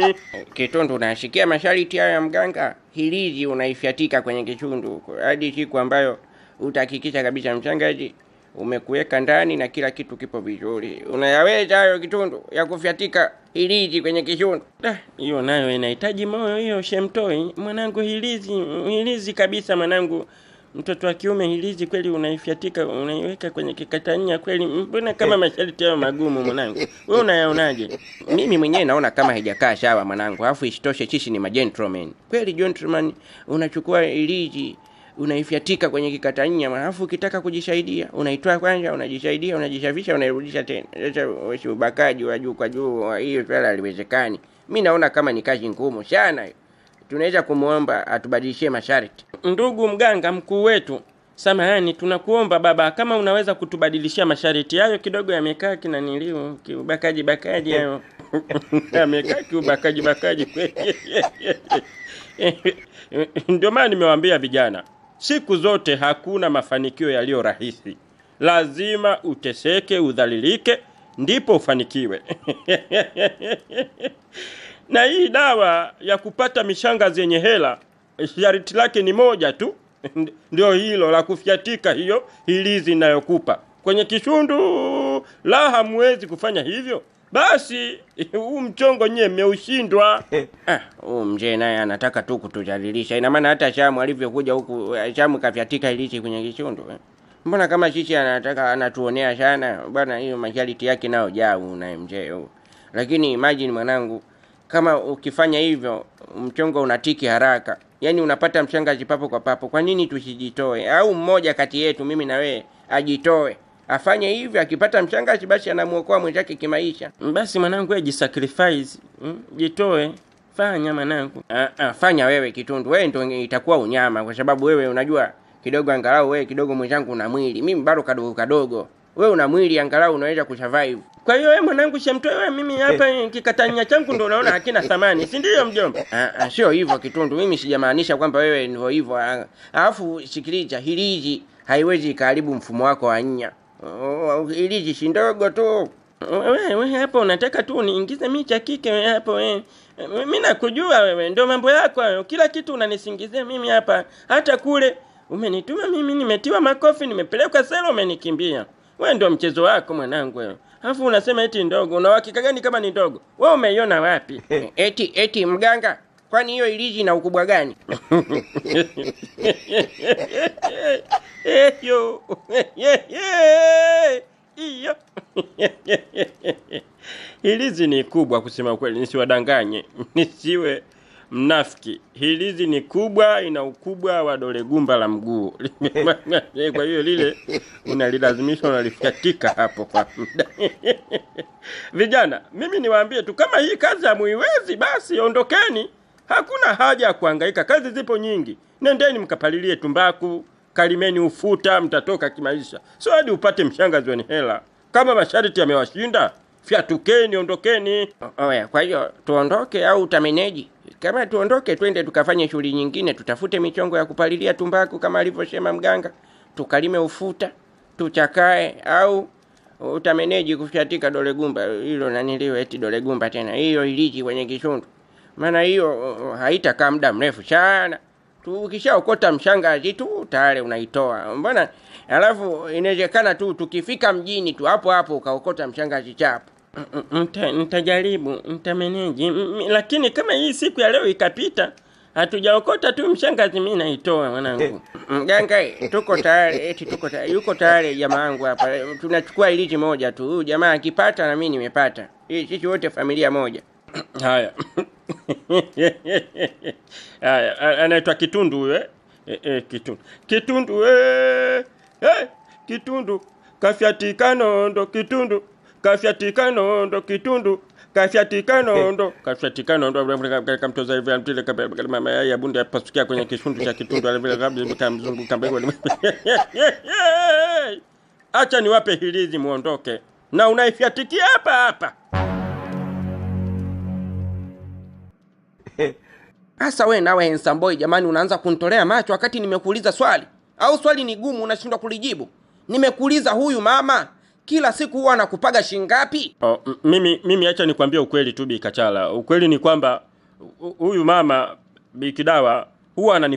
Kitundu, unashikia mashariti hayo ya mganga? Hilizi unaifyatika kwenye kichundu hadi siku ambayo utahakikisha kabisa mchangaji umekuweka ndani na kila kitu kipo vizuri. Unayaweza hayo kitundu ya kufyatika hilizi kwenye kichundu? Hiyo nayo inahitaji moyo, hiyo shemtoi mwanangu. Hilizi hilizi kabisa mwanangu mtoto wa kiume hilizi kweli unaifyatika unaiweka kwenye kikatania kweli mbona kama eh. masharti hayo magumu mwanangu wewe unayaonaje mimi mwenyewe naona kama haijakaa shawa mwanangu alafu isitoshe chishi ni magentleman kweli gentleman unachukua hilizi unaifyatika kwenye kikatanya alafu ukitaka kujisaidia unaitoa kwanza unajisaidia unajishavisha unairudisha tena sasa ubakaji wa juu kwa juu hiyo swala haliwezekani mi naona kama ni kazi ngumu sana tunaweza kumwomba atubadilishie masharti ndugu mganga mkuu wetu samahani tunakuomba baba kama unaweza kutubadilishia masharti hayo kidogo yamekaa kinaniliu kiubakaji bakaji hayo yamekaa kiubakaji bakaji ndio maana nimewaambia vijana siku zote hakuna mafanikio yaliyo rahisi lazima uteseke udhalilike ndipo ufanikiwe na hii dawa ya kupata mishanga zenye hela sharti lake ni moja tu ndio hilo la kufyatika hiyo hilizi inayokupa kwenye kishundu la hamwezi kufanya hivyo basi huu mchongo nyie mmeushindwa ah, huu ah, mzee naye anataka tu kutujadilisha ina maana hata shamu alivyokuja huku shamu kafyatika ilichi kwenye kishundu mbona kama shishi anataka anatuonea sana bwana hiyo mashariti yake nayo jau naye mzee lakini imagine mwanangu kama ukifanya hivyo mchongo unatiki haraka, yaani unapata mchangaji papo kwa papo. Kwa nini tusijitoe? Au mmoja kati yetu, mimi na wewe, ajitoe afanye hivyo. Akipata mchangaji, basi anamwokoa mwenzake kimaisha. Basi mwanangu, wewe jisacrifice, mm, jitoe fanya mwanangu. Ah, ah, fanya wewe Kitundu, wewe ndio itakuwa unyama, kwa sababu wewe unajua kidogo, angalau wewe kidogo, mwenzangu una mwili, mimi bado kadogo kadogo wewe una mwili angalau unaweza kusurvive. Kwa hiyo wewe mwanangu shamtoe wewe mimi hapa eh. kikatanya changu ndio unaona hakina thamani, si ndio mjomba? Ah, ah, sio hivyo Kitundu, mimi sijamaanisha kwamba wewe ndio hivyo. Ah, alafu sikiliza, hiliji haiwezi ikaharibu mfumo wako wa nya. Oh, hiliji si ndogo tu. Wewe hapo unataka tu niingize mimi cha kike hapo wewe. Mimi nakujua wewe, ndio mambo yako hayo. Kila kitu unanisingizia mimi hapa, hata kule umenituma mimi, nimetiwa makofi, nimepelekwa sela umenikimbia wewe ndio mchezo wako mwanangu wewe. Alafu unasema eti ndogo, una gani kama ni ndogo? Wewe umeiona wapi? eti eti mganga, kwani hiyo ilizi na ukubwa gani? Iyo. Ilizi ni kubwa kusema kweli, nisiwadanganye. Nisiwe mnafiki. Hilizi ni kubwa, ina ukubwa wa dole gumba la mguu. kwa hiyo lile unalilazimishwa unalifyatika hapo kwa muda vijana, mimi niwaambie tu, kama hii kazi hamuiwezi, basi ondokeni. Hakuna haja ya kuhangaika, kazi zipo nyingi. Nendeni mkapalilie tumbaku, kalimeni ufuta, mtatoka kimaisha. so hadi upate mshanga ziweni hela. Kama masharti yamewashinda, fyatokeni, ondokeni. Oya, kwa hiyo tuondoke au utameneji? Kama tuondoke, twende tukafanye shughuli nyingine, tutafute michongo ya kupalilia tumbaku kama alivyosema mganga, tukalime ufuta, tuchakae au utameneji kufyatika dole gumba hilo naniliwe, eti dole gumba tena hiyo iliji kwenye kishundu maana hiyo haitakaa muda mrefu sana. Ukishaokota mshangazi tu tayari unaitoa, mbona? Alafu inawezekana tu tukifika mjini tu hapo hapo ukaokota mshangazi chapo. Ntajaribu, ntameneji, lakini kama hii siku ya leo ikapita hatujaokota tu mshangazi, mimi naitoa mwanangu. Mganga tuko tayari, eti tuko tayari, yuko tayari jamaa wangu hapa. Tunachukua iliji moja tu, huyu jamaa akipata na mimi nimepata, hii sisi wote familia moja. Haya, haya, anaitwa Kitundu huyo eh? eh? eh, Kitundu Kitundu eh, eh, Kitundu kafyatikano ndo Kitundu kafyatika nondo kitundu kafyatika nondo eh. kafyatika nondo kamtoza hivi amtile mama ya bunda yapasukia kwenye kishundu cha kitundu alivile gabi kamzungu kambego acha niwape hilizi muondoke na unaifyatikia hapa hapa Asa we nawe Nsamboi jamani, unaanza kunitolea macho wakati nimekuuliza swali, au swali ni gumu unashindwa kulijibu? Nimekuuliza huyu mama kila siku huwa anakupaga shingapi? Oh, mimi mimi acha nikwambie ukweli tu bikachala Ukweli ni kwamba huyu mama bikidawa huwa anani